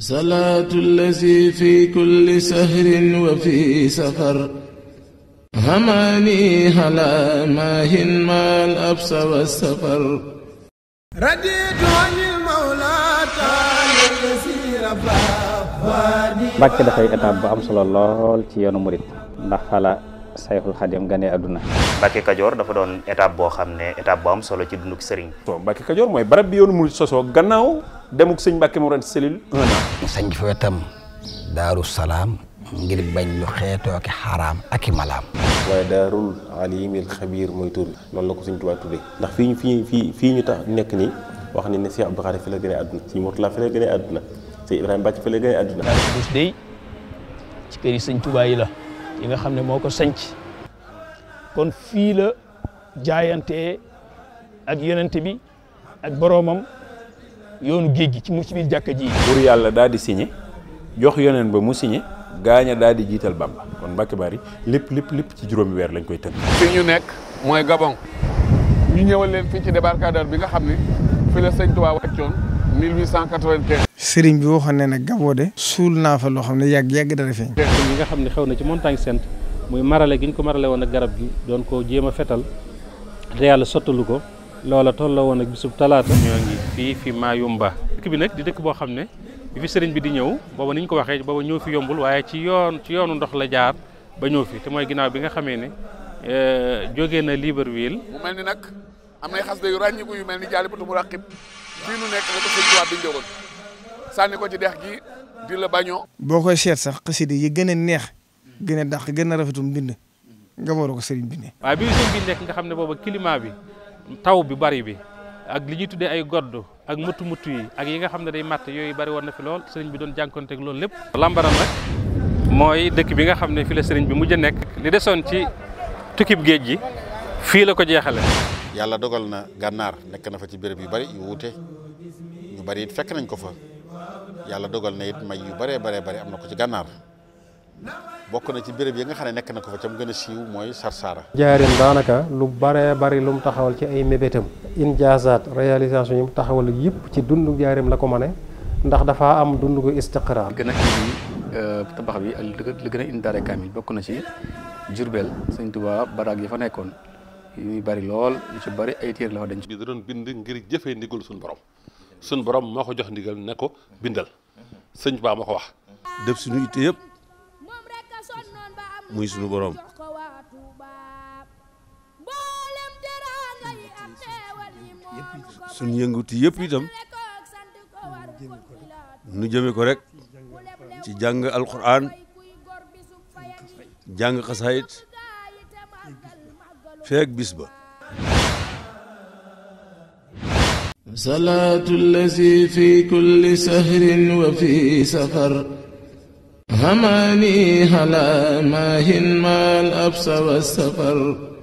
salaatu allazi fi kulli sahrin wa fi safar hamaani halaa maahin maal absa wa safar raditu anil mawlaa Mbàkke dafay étape bu am solo lool ci yoonu murit ndax xala sayxul xadim gane àdduna Mbàkke Kajoor dafa doon étape boo xam ne étape bu am solo ci dunduk sëriñ Mbàkke Kajoor mooy barab bi yoonu murit sosoo gannaaw demuk sëñ Mbàkke mu ren cellule un fa wetam daaru salaam ngir bañ lu xeetoo ki ak i malaam. waaye daarul alimil xabiir mooy tur noonu la ko sëñ Tuubaa tuddee. ndax fii fii fii fii ñu tax nekk nii wax nañ ne Cheikh Abdou Khadre fi la gënee àdduna sëñ Murtala fi la gënee la yi nga xam ne moo ko sanc kon fii la jaayantee ak yonent bi ak boroomam. yoonu géej gi ci mu ci biir jàkka ji buur yàlla daal di signé jox yoneen ba mu signé gaaña daal di jiital Bamba kon Mbacke Bari lépp lépp lépp ci juróomi weer lañ koy tënk. fi ñu nekk mooy Gabon ñu ñëwal leen fii ci débarcadère bi nga xam ne fi la sëñ Tuubaa wàccoon 1895. sëriñ bi waxoon ne nag Gabon de. suul naa fa loo xam ne yàgg yàgg dara feeñ. yi nga xam ne xew na ci montagne sainte muy marale gi ñu ko marale woon ak garab gi doon ko jéem fetal te yàlla sottalu ko. loola tolloo woon ak bisub talaata. ñoo ngi fii fi Mayumba. dëkk bi nag di dëkk boo xam ne bi fi sëriñ bi di ñëw booba ni ñu ko waxee booba ñëw fi yombul waaye ci yoon ci yoonu ndox la jaar ba ñëw fi te mooy ginnaaw bi nga xamee ne eh, jógee na Libreville. mu mel ni nag am nay xas yu ràññiku yu mel ni Jaalibatu ko ci dex gi di la boo koy seet sax yi gën neex gën a gën a rafetum bind nga ko sëriñ bi nga xam ne booba climat bi taw bi bari bi ak li ñuy tuddee ay godd ak mëttu mëttu yi ak yi nga xam ne day matt yooyu bari woon na fi lool sëriñ bi doon jànkonteeg loolu lépp. Lambaram nag mooy dëkk bi nga xam ne fi la sëriñ bi mujj a nekk. li desoon ci tukkib géej gi fii la ko jeexale yàlla dogal na gànnaar nekk na fa ci béréb yu bari yu wuute ñu bari it fekk nañ ko fa yàlla dogal na it may yu baree baree bari am na ko ci gànnaar. bokk na ci béréb yi nga xam ne nekk na ko fa ca gën a siiw mooy Sarsara. jaarin daanaka lu baree bari lu mu taxawal ci ay mébétam injaazaat réalisation yi mu taxawal yëpp ci dundu jaarim la ko mane ndax dafa am dund ko istiqraar. gën euh, tabax bi ak li gën a indi daare kaamil bokk na ci Jurbel Sëñ Tuubaa baraag yi fa nekkoon yu bari lool yu ci bari ay téere la fa denc. bi da doon bind ngir jëfe ndigal suñu borom suñu borom moo ko jox ndigal ne ko bindal sëñ Tuubaa moo ko wax. def yëpp. muy sunu boroom sunu yënguti yëpp itam nu jëme ko rek ci jàng alquran jàng xasaayit feek bis ba salaatu fi kulli sahrin wa fi safar همالي هلا ماهن ما الأبس والسفر